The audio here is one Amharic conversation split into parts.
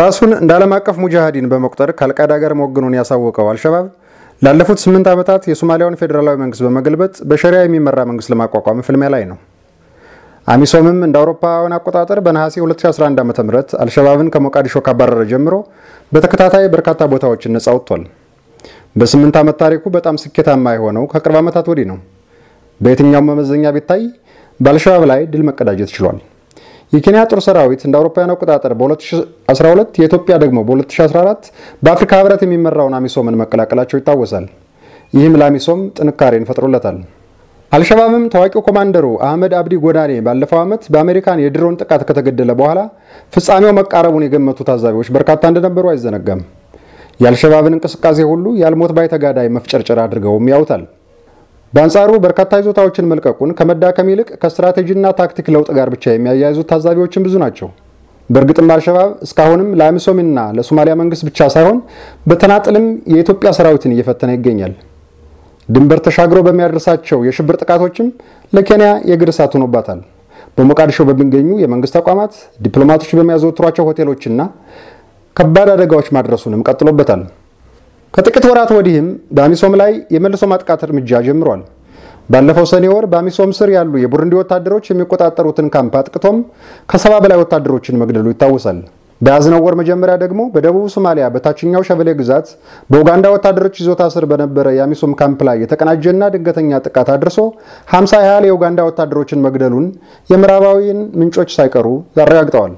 ራሱን እንደ ዓለም አቀፍ ሙጃሃዲን በመቁጠር ከአልቃይዳ ጋር መወገኑን ያሳወቀው አልሸባብ ላለፉት ስምንት ዓመታት የሶማሊያውን ፌዴራላዊ መንግስት በመገልበጥ በሸሪያ የሚመራ መንግስት ለማቋቋም ፍልሚያ ላይ ነው። አሚሶምም እንደ አውሮፓውያን አቆጣጠር በነሐሴ 2011 ዓ ም አልሸባብን ከሞቃዲሾ ካባረረ ጀምሮ በተከታታይ በርካታ ቦታዎችን ነጻ ወጥቷል። በስምንት ዓመት ታሪኩ በጣም ስኬታማ የሆነው ከቅርብ ዓመታት ወዲህ ነው። በየትኛውም መመዘኛ ቢታይ በአልሸባብ ላይ ድል መቀዳጀት ችሏል። የኬንያ ጦር ሰራዊት እንደ አውሮፓውያን አቆጣጠር በ2012 የኢትዮጵያ ደግሞ በ2014 በአፍሪካ ህብረት የሚመራውን አሚሶምን መቀላቀላቸው ይታወሳል። ይህም ለአሚሶም ጥንካሬን ፈጥሮለታል። አልሸባብም ታዋቂው ኮማንደሩ አህመድ አብዲ ጎዳኔ ባለፈው ዓመት በአሜሪካን የድሮን ጥቃት ከተገደለ በኋላ ፍጻሜው መቃረቡን የገመቱ ታዛቢዎች በርካታ እንደነበሩ አይዘነጋም። የአልሸባብን እንቅስቃሴ ሁሉ የአልሞት ባይ ተጋዳይ መፍጨርጨር አድርገውም ያውታል። በአንጻሩ በርካታ ይዞታዎችን መልቀቁን ከመዳከም ይልቅ ከስትራቴጂና ታክቲክ ለውጥ ጋር ብቻ የሚያያይዙት ታዛቢዎችን ብዙ ናቸው። በእርግጥም አልሸባብ እስካሁንም ለአሚሶምና ለሶማሊያ መንግስት ብቻ ሳይሆን በተናጥልም የኢትዮጵያ ሰራዊትን እየፈተነ ይገኛል። ድንበር ተሻግሮ በሚያደርሳቸው የሽብር ጥቃቶችም ለኬንያ የእግር እሳት ሆኖባታል። በሞቃዲሾ በሚገኙ የመንግስት ተቋማት፣ ዲፕሎማቶች በሚያዘወትሯቸው ሆቴሎችና ከባድ አደጋዎች ማድረሱንም ቀጥሎበታል። ከጥቂት ወራት ወዲህም በአሚሶም ላይ የመልሶ ማጥቃት እርምጃ ጀምሯል። ባለፈው ሰኔ ወር በአሚሶም ስር ያሉ የቡሩንዲ ወታደሮች የሚቆጣጠሩትን ካምፕ አጥቅቶም ከሰባ በላይ ወታደሮችን መግደሉ ይታወሳል። በያዝነው ወር መጀመሪያ ደግሞ በደቡብ ሶማሊያ በታችኛው ሸበሌ ግዛት በኡጋንዳ ወታደሮች ይዞታ ስር በነበረ የአሚሶም ካምፕ ላይ የተቀናጀና ድንገተኛ ጥቃት አድርሶ 50 ያህል የኡጋንዳ ወታደሮችን መግደሉን የምዕራባዊን ምንጮች ሳይቀሩ አረጋግጠዋል።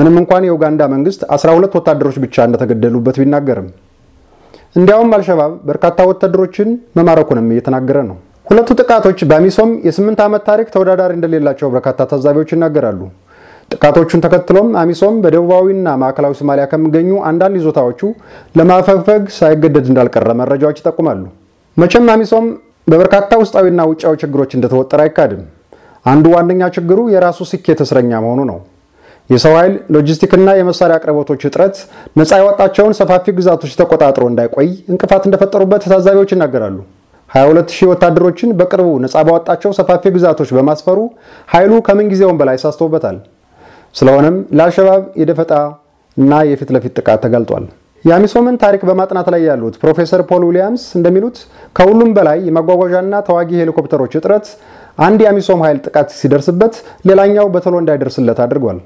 ምንም እንኳን የኡጋንዳ መንግስት 12 ወታደሮች ብቻ እንደተገደሉበት ቢናገርም እንዲያውም አልሸባብ በርካታ ወታደሮችን መማረኩንም እየተናገረ ነው። ሁለቱ ጥቃቶች በአሚሶም የስምንት ዓመት ታሪክ ተወዳዳሪ እንደሌላቸው በርካታ ታዛቢዎች ይናገራሉ። ጥቃቶቹን ተከትሎም አሚሶም በደቡባዊና ማዕከላዊ ሶማሊያ ከሚገኙ አንዳንድ ይዞታዎቹ ለማፈግፈግ ሳይገደድ እንዳልቀረ መረጃዎች ይጠቁማሉ። መቼም አሚሶም በበርካታ ውስጣዊና ውጫዊ ችግሮች እንደተወጠረ አይካድም። አንዱ ዋነኛ ችግሩ የራሱ ስኬት እስረኛ መሆኑ ነው። የሰው ኃይል ሎጂስቲክና የመሳሪያ አቅርቦቶች እጥረት ነፃ ያወጣቸውን ሰፋፊ ግዛቶች ተቆጣጥሮ እንዳይቆይ እንቅፋት እንደፈጠሩበት ታዛቢዎች ይናገራሉ። 22000 ወታደሮችን በቅርቡ ነፃ ባወጣቸው ሰፋፊ ግዛቶች በማስፈሩ ኃይሉ ከምንጊዜውም በላይ ሳስቶበታል። ስለሆነም ለአልሸባብ የደፈጣ እና የፊት ለፊት ጥቃት ተጋልጧል። የአሚሶምን ታሪክ በማጥናት ላይ ያሉት ፕሮፌሰር ፖል ዊሊያምስ እንደሚሉት ከሁሉም በላይ የማጓጓዣና ተዋጊ ሄሊኮፕተሮች እጥረት አንድ የአሚሶም ኃይል ጥቃት ሲደርስበት ሌላኛው በቶሎ እንዳይደርስለት አድርጓል።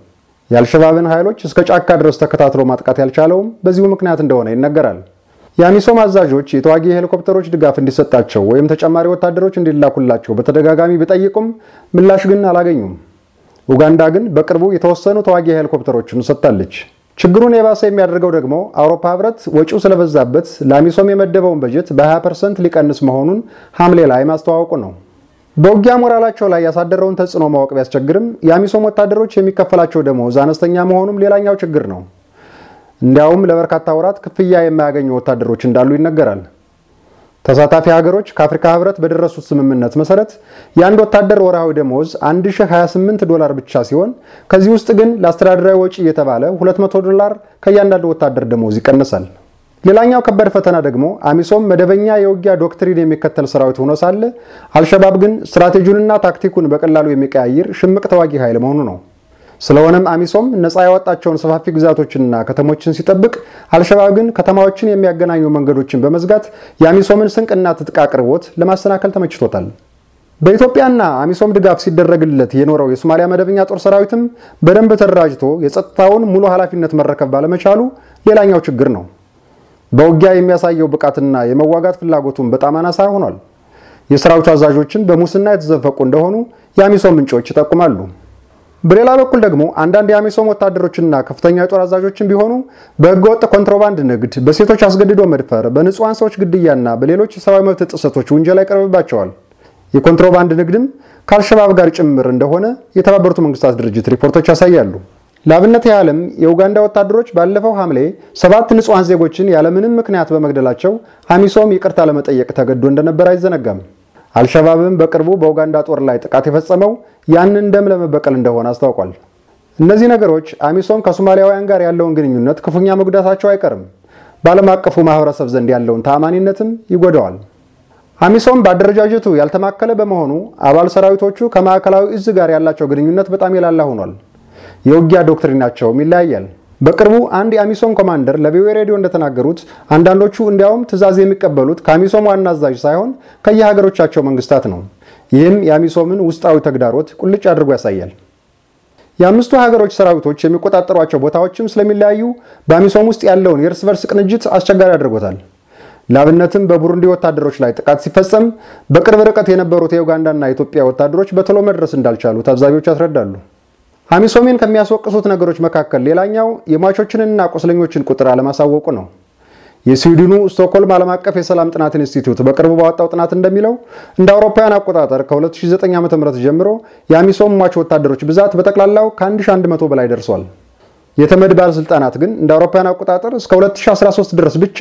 የአልሸባብን ኃይሎች እስከ ጫካ ድረስ ተከታትሎ ማጥቃት ያልቻለውም በዚሁ ምክንያት እንደሆነ ይነገራል። የአሚሶም አዛዦች የተዋጊ ሄሊኮፕተሮች ድጋፍ እንዲሰጣቸው ወይም ተጨማሪ ወታደሮች እንዲላኩላቸው በተደጋጋሚ ቢጠይቁም ምላሽ ግን አላገኙም። ኡጋንዳ ግን በቅርቡ የተወሰኑ ተዋጊ ሄሊኮፕተሮችን ሰጥታለች። ችግሩን የባሰ የሚያደርገው ደግሞ አውሮፓ ህብረት ወጪው ስለበዛበት ለአሚሶም የመደበውን በጀት በ20 ፐርሰንት ሊቀንስ መሆኑን ሐምሌ ላይ ማስተዋወቁ ነው። በውጊያ ሞራላቸው ላይ ያሳደረውን ተጽዕኖ ማወቅ ቢያስቸግርም የአሚሶም ወታደሮች የሚከፈላቸው ደሞዝ አነስተኛ መሆኑም ሌላኛው ችግር ነው። እንዲያውም ለበርካታ ወራት ክፍያ የማያገኙ ወታደሮች እንዳሉ ይነገራል። ተሳታፊ ሀገሮች ከአፍሪካ ህብረት በደረሱት ስምምነት መሰረት የአንድ ወታደር ወርሃዊ ደሞዝ 1028 ዶላር ብቻ ሲሆን ከዚህ ውስጥ ግን ለአስተዳደራዊ ወጪ እየተባለ 200 ዶላር ከእያንዳንዱ ወታደር ደሞዝ ይቀነሳል። ሌላኛው ከባድ ፈተና ደግሞ አሚሶም መደበኛ የውጊያ ዶክትሪን የሚከተል ሰራዊት ሆኖ ሳለ አልሸባብ ግን ስትራቴጂውንና ታክቲኩን በቀላሉ የሚቀያይር ሽምቅ ተዋጊ ኃይል መሆኑ ነው። ስለሆነም አሚሶም ነፃ ያወጣቸውን ሰፋፊ ግዛቶችንና ከተሞችን ሲጠብቅ፣ አልሸባብ ግን ከተማዎችን የሚያገናኙ መንገዶችን በመዝጋት የአሚሶምን ስንቅና ትጥቅ አቅርቦት ለማሰናከል ተመችቶታል። በኢትዮጵያና አሚሶም ድጋፍ ሲደረግለት የኖረው የሶማሊያ መደበኛ ጦር ሰራዊትም በደንብ ተደራጅቶ የጸጥታውን ሙሉ ኃላፊነት መረከብ ባለመቻሉ ሌላኛው ችግር ነው። በውጊያ የሚያሳየው ብቃትና የመዋጋት ፍላጎቱን በጣም አናሳ ሆኗል። የሰራዊቱ አዛዦችን በሙስና የተዘፈቁ እንደሆኑ የአሚሶም ምንጮች ይጠቁማሉ። በሌላ በኩል ደግሞ አንዳንድ የአሚሶም ወታደሮችና ከፍተኛ የጦር አዛዦችን ቢሆኑ በህገወጥ ኮንትሮባንድ ንግድ፣ በሴቶች አስገድዶ መድፈር፣ በንጹሐን ሰዎች ግድያና በሌሎች የሰብአዊ መብት ጥሰቶች ውንጀላ ይቀርብባቸዋል። የኮንትሮባንድ ንግድም ከአልሸባብ ጋር ጭምር እንደሆነ የተባበሩት መንግስታት ድርጅት ሪፖርቶች ያሳያሉ። ለአብነት ያህልም የኡጋንዳ ወታደሮች ባለፈው ሐምሌ ሰባት ንጹሐን ዜጎችን ያለምንም ምክንያት በመግደላቸው አሚሶም ይቅርታ ለመጠየቅ ተገዶ እንደነበር አይዘነጋም። አልሸባብም በቅርቡ በኡጋንዳ ጦር ላይ ጥቃት የፈጸመው ያንን ደም ለመበቀል እንደሆነ አስታውቋል። እነዚህ ነገሮች አሚሶም ከሶማሊያውያን ጋር ያለውን ግንኙነት ክፉኛ መጉዳታቸው አይቀርም። በዓለም አቀፉ ማህበረሰብ ዘንድ ያለውን ተአማኒነትም ይጎዳዋል። አሚሶም በአደረጃጀቱ ያልተማከለ በመሆኑ አባል ሰራዊቶቹ ከማዕከላዊ እዝ ጋር ያላቸው ግንኙነት በጣም የላላ ሆኗል። የውጊያ ዶክትሪናቸውም ይለያያል። በቅርቡ አንድ የአሚሶም ኮማንደር ለቪኦኤ ሬዲዮ እንደተናገሩት አንዳንዶቹ እንዲያውም ትዕዛዝ የሚቀበሉት ከአሚሶም ዋና አዛዥ ሳይሆን ከየሀገሮቻቸው መንግስታት ነው። ይህም የአሚሶምን ውስጣዊ ተግዳሮት ቁልጭ አድርጎ ያሳያል። የአምስቱ ሀገሮች ሰራዊቶች የሚቆጣጠሯቸው ቦታዎችም ስለሚለያዩ በአሚሶም ውስጥ ያለውን የእርስ በርስ ቅንጅት አስቸጋሪ አድርጎታል። ለአብነትም በቡሩንዲ ወታደሮች ላይ ጥቃት ሲፈጸም በቅርብ ርቀት የነበሩት የኡጋንዳና የኢትዮጵያ ወታደሮች በቶሎ መድረስ እንዳልቻሉ ታዛቢዎች ያስረዳሉ። አሚሶሜን ከሚያስወቅሱት ነገሮች መካከል ሌላኛው የሟቾችንና ቁስለኞችን ቁጥር አለማሳወቁ ነው። የስዊድኑ ስቶክሆልም ዓለም አቀፍ የሰላም ጥናት ኢንስቲትዩት በቅርቡ ባወጣው ጥናት እንደሚለው እንደ አውሮፓውያን አቆጣጠር ከ2009 ዓ ም ጀምሮ የአሚሶም ሟች ወታደሮች ብዛት በጠቅላላው ከ1100 በላይ ደርሷል። የተመድ ባለስልጣናት ግን እንደ አውሮፓውያን አቆጣጠር እስከ 2013 ድረስ ብቻ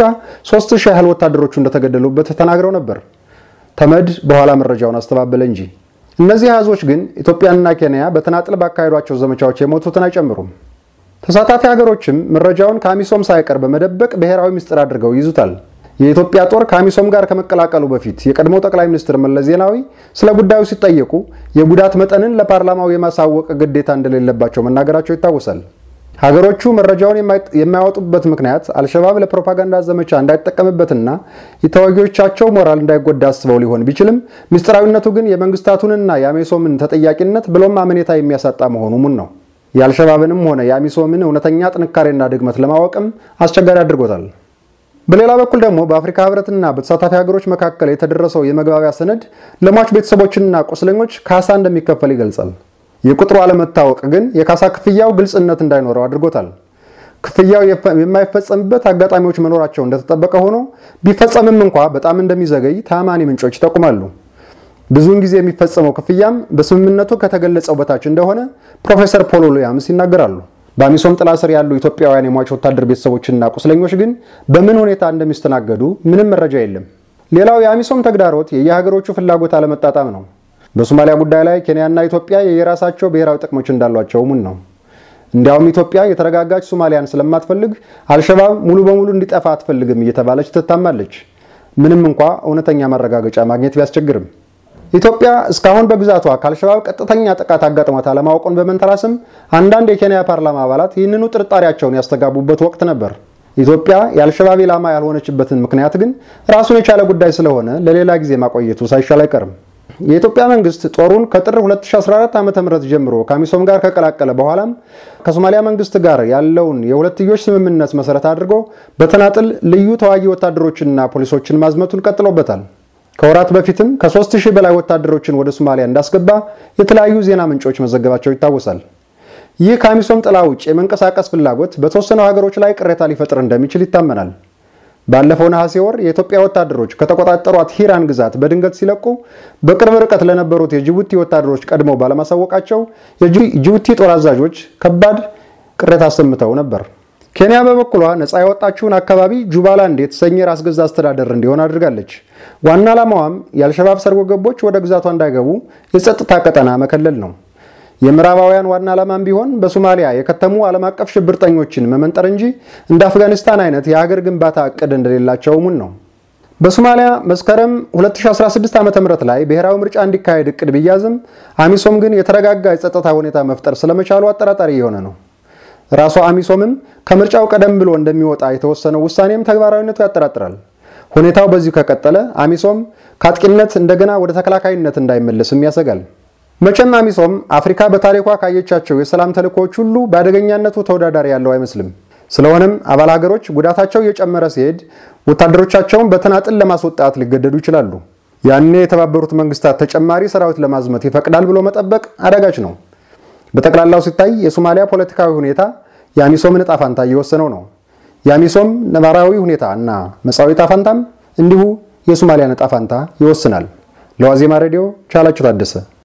3000 ያህል ወታደሮቹ እንደተገደሉበት ተናግረው ነበር። ተመድ በኋላ መረጃውን አስተባበለ እንጂ እነዚህ አሃዞች ግን ኢትዮጵያና ኬንያ በተናጥል ባካሄዷቸው ዘመቻዎች የሞቱትን አይጨምሩም። ተሳታፊ ሀገሮችም መረጃውን ካሚሶም ሳይቀር በመደበቅ ብሔራዊ ምስጢር አድርገው ይዙታል። የኢትዮጵያ ጦር ካሚሶም ጋር ከመቀላቀሉ በፊት የቀድሞ ጠቅላይ ሚኒስትር መለስ ዜናዊ ስለ ጉዳዩ ሲጠየቁ የጉዳት መጠንን ለፓርላማው የማሳወቅ ግዴታ እንደሌለባቸው መናገራቸው ይታወሳል። ሀገሮቹ መረጃውን የማያወጡበት ምክንያት አልሸባብ ለፕሮፓጋንዳ ዘመቻ እንዳይጠቀምበትና የተዋጊዎቻቸው ሞራል እንዳይጎዳ አስበው ሊሆን ቢችልም ምስጢራዊነቱ ግን የመንግስታቱንና የአሜሶምን ተጠያቂነት ብሎም አመኔታ የሚያሳጣ መሆኑ ሙን ነው። የአልሸባብንም ሆነ የአሚሶምን እውነተኛ ጥንካሬና ድግመት ለማወቅም አስቸጋሪ አድርጎታል። በሌላ በኩል ደግሞ በአፍሪካ ህብረትና በተሳታፊ ሀገሮች መካከል የተደረሰው የመግባቢያ ሰነድ ለሟች ቤተሰቦችና ቁስለኞች ካሳ እንደሚከፈል ይገልጻል። የቁጥሩ አለመታወቅ ግን የካሳ ክፍያው ግልጽነት እንዳይኖረው አድርጎታል። ክፍያው የማይፈጸምበት አጋጣሚዎች መኖራቸው እንደተጠበቀ ሆኖ ቢፈጸምም እንኳ በጣም እንደሚዘገይ ታማኒ ምንጮች ይጠቁማሉ። ብዙውን ጊዜ የሚፈጸመው ክፍያም በስምምነቱ ከተገለጸው በታች እንደሆነ ፕሮፌሰር ፖሎሎ ያምስ ይናገራሉ። በአሚሶም ጥላ ስር ያሉ ኢትዮጵያውያን የሟች ወታደር ቤተሰቦችና ቁስለኞች ግን በምን ሁኔታ እንደሚስተናገዱ ምንም መረጃ የለም። ሌላው የአሚሶም ተግዳሮት የየሀገሮቹ ፍላጎት አለመጣጣም ነው። በሶማሊያ ጉዳይ ላይ ኬንያና ኢትዮጵያ የየራሳቸው ብሔራዊ ጥቅሞች እንዳሏቸው እሙን ነው። እንዲያውም ኢትዮጵያ የተረጋጋች ሶማሊያን ስለማትፈልግ አልሸባብ ሙሉ በሙሉ እንዲጠፋ አትፈልግም እየተባለች ትታማለች፣ ምንም እንኳ እውነተኛ ማረጋገጫ ማግኘት ቢያስቸግርም። ኢትዮጵያ እስካሁን በግዛቷ ከአልሸባብ ቀጥተኛ ጥቃት አጋጥሟት አለማወቁን በመንተራስም አንዳንድ የኬንያ ፓርላማ አባላት ይህንኑ ጥርጣሬያቸውን ያስተጋቡበት ወቅት ነበር። ኢትዮጵያ የአልሸባብ ኢላማ ያልሆነችበትን ምክንያት ግን ራሱን የቻለ ጉዳይ ስለሆነ ለሌላ ጊዜ ማቆየቱ ሳይሻል አይቀርም። የኢትዮጵያ መንግስት ጦሩን ከጥር 2014 ዓ.ም ጀምሮ ካሚሶም ጋር ከቀላቀለ በኋላም ከሶማሊያ መንግስት ጋር ያለውን የሁለትዮሽ ስምምነት መሰረት አድርጎ በተናጥል ልዩ ተዋጊ ወታደሮችንና ፖሊሶችን ማዝመቱን ቀጥሎበታል። ከወራት በፊትም ከ3000 በላይ ወታደሮችን ወደ ሶማሊያ እንዳስገባ የተለያዩ ዜና ምንጮች መዘገባቸው ይታወሳል። ይህ ካሚሶም ጥላ ውጭ የመንቀሳቀስ ፍላጎት በተወሰኑ ሀገሮች ላይ ቅሬታ ሊፈጥር እንደሚችል ይታመናል። ባለፈው ነሐሴ ወር የኢትዮጵያ ወታደሮች ከተቆጣጠሯት ሂራን ግዛት በድንገት ሲለቁ በቅርብ ርቀት ለነበሩት የጅቡቲ ወታደሮች ቀድመው ባለማሳወቃቸው የጅቡቲ ጦር አዛዦች ከባድ ቅሬታ አሰምተው ነበር። ኬንያ በበኩሏ ነፃ የወጣችውን አካባቢ ጁባላንድ የተሰኘ ራስ ገዝ አስተዳደር እንዲሆን አድርጋለች። ዋና ዓላማዋም የአልሸባብ ሰርጎ ገቦች ወደ ግዛቷ እንዳይገቡ የጸጥታ ቀጠና መከለል ነው። የምዕራባውያን ዋና ዓላማም ቢሆን በሶማሊያ የከተሙ ዓለም አቀፍ ሽብርተኞችን መመንጠር እንጂ እንደ አፍጋኒስታን አይነት የሀገር ግንባታ እቅድ እንደሌላቸው እሙን ነው። በሶማሊያ መስከረም 2016 ዓ ም ላይ ብሔራዊ ምርጫ እንዲካሄድ እቅድ ቢያዝም አሚሶም ግን የተረጋጋ የጸጥታ ሁኔታ መፍጠር ስለመቻሉ አጠራጣሪ የሆነ ነው። ራሷ አሚሶምም ከምርጫው ቀደም ብሎ እንደሚወጣ የተወሰነው ውሳኔም ተግባራዊነቱ ያጠራጥራል። ሁኔታው በዚሁ ከቀጠለ አሚሶም ከአጥቂነት እንደገና ወደ ተከላካይነት እንዳይመለስም ያሰጋል። መቼም አሚሶም አፍሪካ በታሪኳ ካየቻቸው የሰላም ተልእኮዎች ሁሉ በአደገኛነቱ ተወዳዳሪ ያለው አይመስልም። ስለሆነም አባል ሀገሮች ጉዳታቸው እየጨመረ ሲሄድ ወታደሮቻቸውን በተናጥል ለማስወጣት ሊገደዱ ይችላሉ። ያኔ የተባበሩት መንግስታት ተጨማሪ ሰራዊት ለማዝመት ይፈቅዳል ብሎ መጠበቅ አዳጋች ነው። በጠቅላላው ሲታይ የሶማሊያ ፖለቲካዊ ሁኔታ የአሚሶምን ዕጣ ፋንታ እየወሰነው ነው። የአሚሶም ነባራዊ ሁኔታ እና መጻዊ ፋንታም እንዲሁ የሶማሊያን ዕጣ ፋንታ ይወስናል። ለዋዜማ ሬዲዮ ቻላቸው ታደሰ